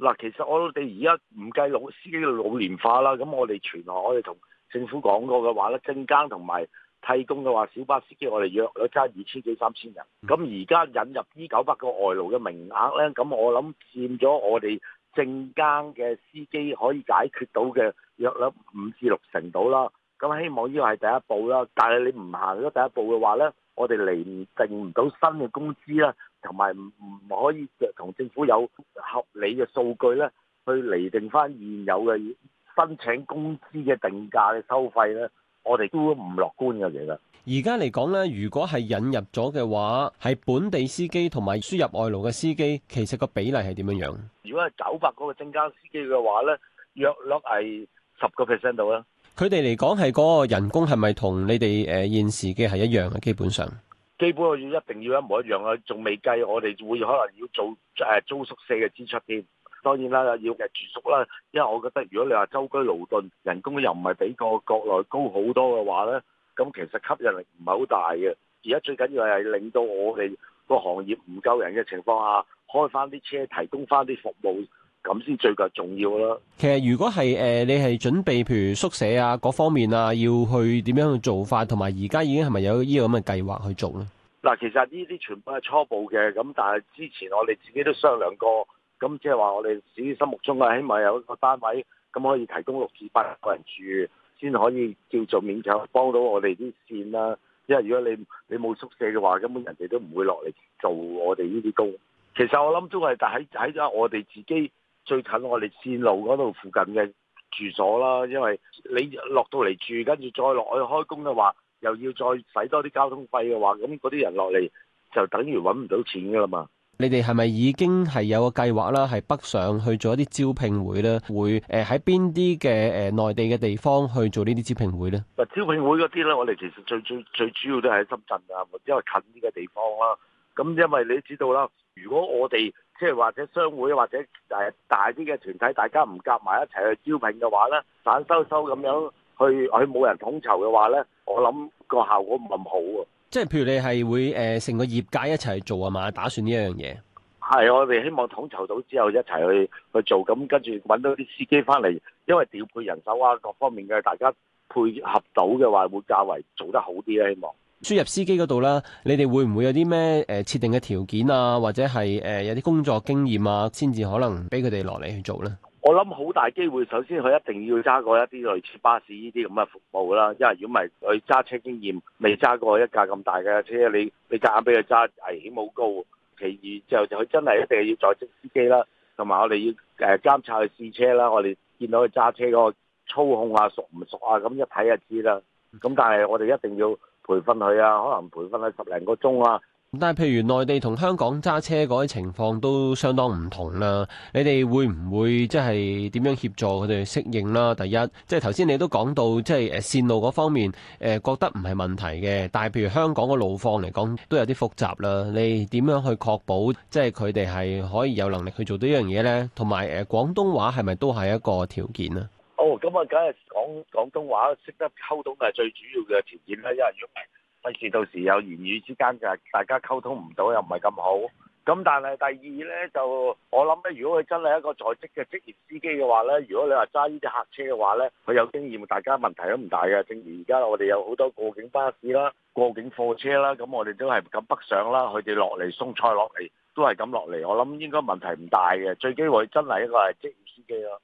嗱，其實我哋而家唔計老司機嘅老年化啦，咁我哋全行我哋同政府講過嘅話咧，正間同埋替工嘅話，小巴司機我哋約咗差二千幾三千人。咁而家引入呢九百個外勞嘅名額咧，咁我諗佔咗我哋正間嘅司機可以解決到嘅約有五至六成到啦。咁希望呢個係第一步啦，但係你唔行咗第一步嘅話咧，我哋嚟唔定唔到新嘅工資啦。同埋唔唔可以同政府有合理嘅數據咧，去厘定翻現有嘅申請工資嘅定價嘅收費咧，我哋都唔樂觀嘅。其實而家嚟講咧，如果係引入咗嘅話，係本地司機同埋輸入外勞嘅司機，其實個比例係點樣樣？如果係九百嗰個增加司機嘅話咧，約落係十個 percent 度啦。佢哋嚟講係嗰個人工係咪同你哋誒、呃、現時嘅係一樣嘅，基本上。基本要一定要一模一樣啊！仲未計我哋會可能要做誒、啊、租宿舍嘅支出添。當然啦，要誒住宿啦，因為我覺得如果你話舟車勞頓，人工又唔係比個國內高好多嘅話呢，咁其實吸引力唔係好大嘅。而家最緊要係令到我哋個行業唔夠人嘅情況下，開翻啲車，提供翻啲服務。咁先最緊重要啦。其實如果係誒、呃、你係準備譬如宿舍啊各方面啊，要去點樣嘅做法，同埋而家已經係咪有呢個咁嘅計劃去做咧？嗱，其實呢啲全部係初步嘅，咁但係之前我哋自己都商量過，咁即係話我哋自己心目中啊，起碼有一個單位咁可以提供六至八個人住，先可以叫做勉強幫到我哋啲線啦、啊。因為如果你你冇宿舍嘅話，根本人哋都唔會落嚟做我哋呢啲工。其實我諗都係，但係喺喺咗我哋自己。最近我哋線路嗰度附近嘅住所啦，因為你落到嚟住，跟住再落去開工嘅話，又要再使多啲交通費嘅話，咁嗰啲人落嚟就等於揾唔到錢㗎啦嘛。你哋係咪已經係有個計劃啦？係北上去做一啲招聘會咧，會誒喺邊啲嘅誒內地嘅地方去做呢啲招聘會呢？嗱，招聘會嗰啲呢，我哋其實最最最最主要都係喺深圳啊，或者近啲嘅地方啦。咁因為你知道啦，如果我哋即係或者商會或者大大啲嘅團體，大家唔夾埋一齊去招聘嘅話咧，散修修咁樣去，佢冇人統籌嘅話咧，我諗個效果唔咁好喎。即係譬如你係會誒成、呃、個業界一齊做係嘛？打算呢樣嘢？係我哋希望統籌到之後一齊去去做，咁跟住揾到啲司機返嚟，因為調配人手啊各方面嘅，大家配合到嘅話，會較為做得好啲咧。希望。輸入司機嗰度啦，你哋會唔會有啲咩誒設定嘅條件啊，或者係誒、呃、有啲工作經驗啊，先至可能俾佢哋落嚟去做咧？我諗好大機會，首先佢一定要揸過一啲類似巴士呢啲咁嘅服務啦。因為如果唔係佢揸車經驗未揸過一架咁大嘅車，你你夾硬俾佢揸，危險好高。其二就佢真係一定要在職司機啦，同埋我哋要誒監察佢試車啦。我哋見到佢揸車嗰個操控啊，熟唔熟啊，咁一睇就知啦。咁但係我哋一定要。培訓佢啊，可能培訓佢十零個鐘啊。但係譬如內地同香港揸車嗰啲情況都相當唔同啦。你哋會唔會即係點樣協助佢哋適應啦？第一，即係頭先你都講到，即係誒綫路嗰方面誒、呃、覺得唔係問題嘅。但係譬如香港嘅路況嚟講都有啲複雜啦。你點樣去確保即係佢哋係可以有能力去做到呢樣嘢咧？同埋誒廣東話係咪都係一個條件啊？咁啊，梗係講廣東話，識得溝通係最主要嘅條件啦。因為如果唔係，費事到時有言語之間嘅，大家溝通唔到又唔係咁好。咁但係第二呢，就我諗咧，如果佢真係一個在職嘅職業司機嘅話呢，如果你話揸呢啲客車嘅話呢，佢有經驗，大家問題都唔大嘅。正如而家我哋有好多過境巴士啦、過境貨車啦，咁我哋都係咁北上啦，佢哋落嚟送菜落嚟都係咁落嚟，我諗應該問題唔大嘅。最機會真係一個係職業司機咯。